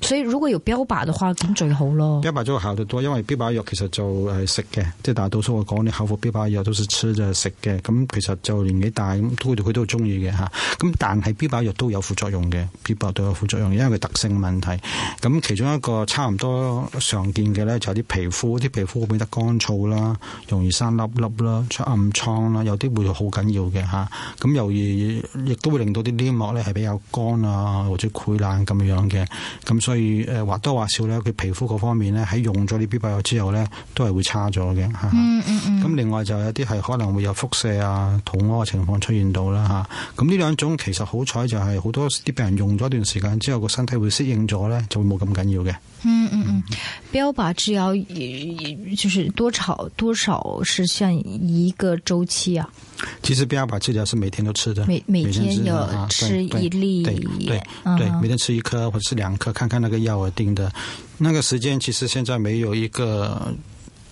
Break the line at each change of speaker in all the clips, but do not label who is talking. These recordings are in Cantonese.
所以如果有標靶嘅話，咁最好咯。
標靶就效得多，因為標靶藥其實就係食嘅，即係大多數我講啲口服標靶藥都係食嘅食嘅。咁其實就年紀大咁，佢佢都中意嘅吓。咁但係標靶藥都有副作用嘅，標靶都有副作用，因為佢特性嘅問題。咁其中一個差唔多常見嘅咧，就係啲皮膚，啲皮膚會變得乾燥啦，容易生粒粒啦，出暗瘡啦，有啲會好緊要嘅吓。咁由於亦都會令到啲黏膜咧係比較乾啊，或者潰爛咁樣嘅咁。所以誒，或多或少咧，佢皮膚嗰方面咧，喺用咗呢啲油之後咧，都係會差咗嘅。嗯嗯嗯。嗯另外就有啲係可能會有輻射啊、肚屙嘅情況出現到啦吓，咁呢兩種其實好彩就係好多啲病人用咗一段時間之後個身體會適應咗咧，就會冇咁緊要嘅。嗯
嗯嗯，標靶治療就是多少多少是算一個週期啊。
其實標靶治療是每天都吃的，每每天要吃一粒，每一粒對，對，對，對、嗯、對每天吃一顆或者兩顆，看看那個藥而定的。那個時間其實現在沒有一個。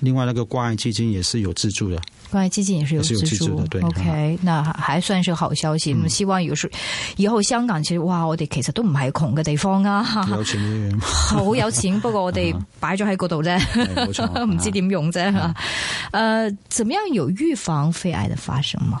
另外，那個關愛基金也是有資助的。
關愛基金也是有資助，助的，對。O、okay, K，、uh-huh. 那還算是好消息。嗯、希望有時以後香港，其實哇，我哋其實都唔係窮嘅地方啊，邀請哈
哈有錢，好
有錢。不過我哋擺咗喺嗰度啫，唔、uh-huh. 知點用啫。呃、uh-huh. 啊，怎麼樣有預防肺癌的發生嗎？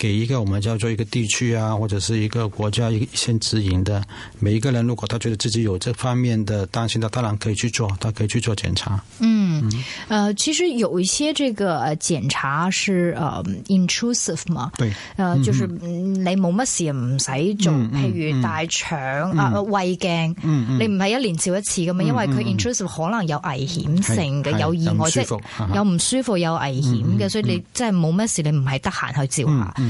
給一個我們叫做一個地區啊，或者是一個國家一先指引的每一個人，如果他覺得自己有這方面的擔心，他當然可以去做，他可以去做檢查。嗯，嗯
呃，其實有一些這個檢查是，呃、嗯、，intrusive 嘛。對，呃，嗯、就是你冇乜事唔使做、嗯嗯，譬如大腸、嗯啊、胃鏡、嗯嗯，你唔係一年照一次㗎嘛、嗯嗯，因為佢 intrusive 可能有危險性嘅、嗯嗯，有意外息，有唔舒服，就是、有唔舒服有危險嘅、嗯，所以你真係冇乜事，你唔係得閒去照下、嗯。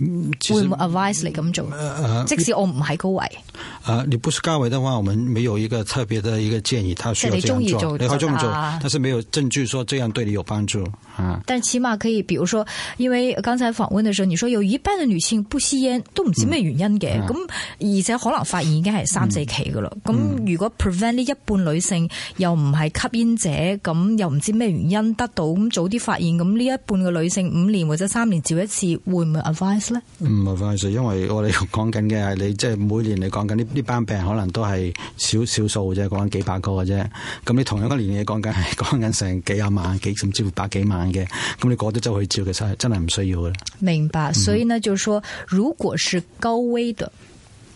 會唔會 advise 你咁做、呃？即使我唔係高危，
啊，你不是高危嘅話，我們沒有一個特別的一個建議。佢其實你中意做，你話咁做，做、啊，但是沒有證據說這樣對你有幫助啊。但
起碼可以，比如說，因為剛才訪問的時候，你說有一半嘅女性不吸煙，都唔知咩原因嘅。咁、嗯啊、而且可能發現已經係三、四期噶啦。咁、嗯、如果 prevent 呢一半女性又唔係吸煙者，咁又唔知咩原因得到咁早啲發現，咁呢一半嘅女性五年或者三年照一次，會唔會 advise？
唔係，唔係，因為我哋講緊嘅係你，即係每年你講緊呢呢班病人，可能都係少少數啫，講緊幾百個嘅啫。咁你同一個年你講緊係講緊成幾廿萬，幾甚至乎百幾萬嘅，咁你過咗周去照嘅，真係真係唔需要嘅。
明白，所以呢，就係說，如果是高危嘅。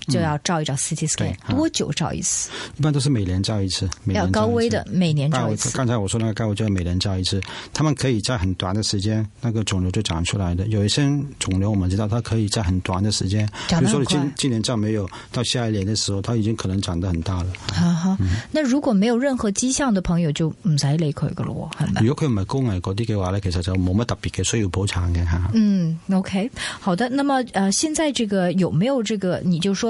就要照一照 CT scan，多久照一次？啊？
一般都是每年照一次。一次要高危
的每年照一次。剛
才我說那個高危就要每年照一次，他們可以在很短的時間那個腫瘤就長出來的。有一些腫瘤我們知道，它可以在很短的時間，長那麼快。比如說你今年照沒有，到下一年的時候，它已經可能長得很大了。
啊哈嗯、那如果沒有任何跡象的朋友，就唔使理會個咯，
係咪？如果佢唔係高危嗰啲嘅話咧，其實就冇乜特別嘅需要補查嘅吓。嗯
，OK，好的。那麼呃，現在這個有沒有這個？你就說。